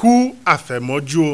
kú àfẹ̀mọ́jú o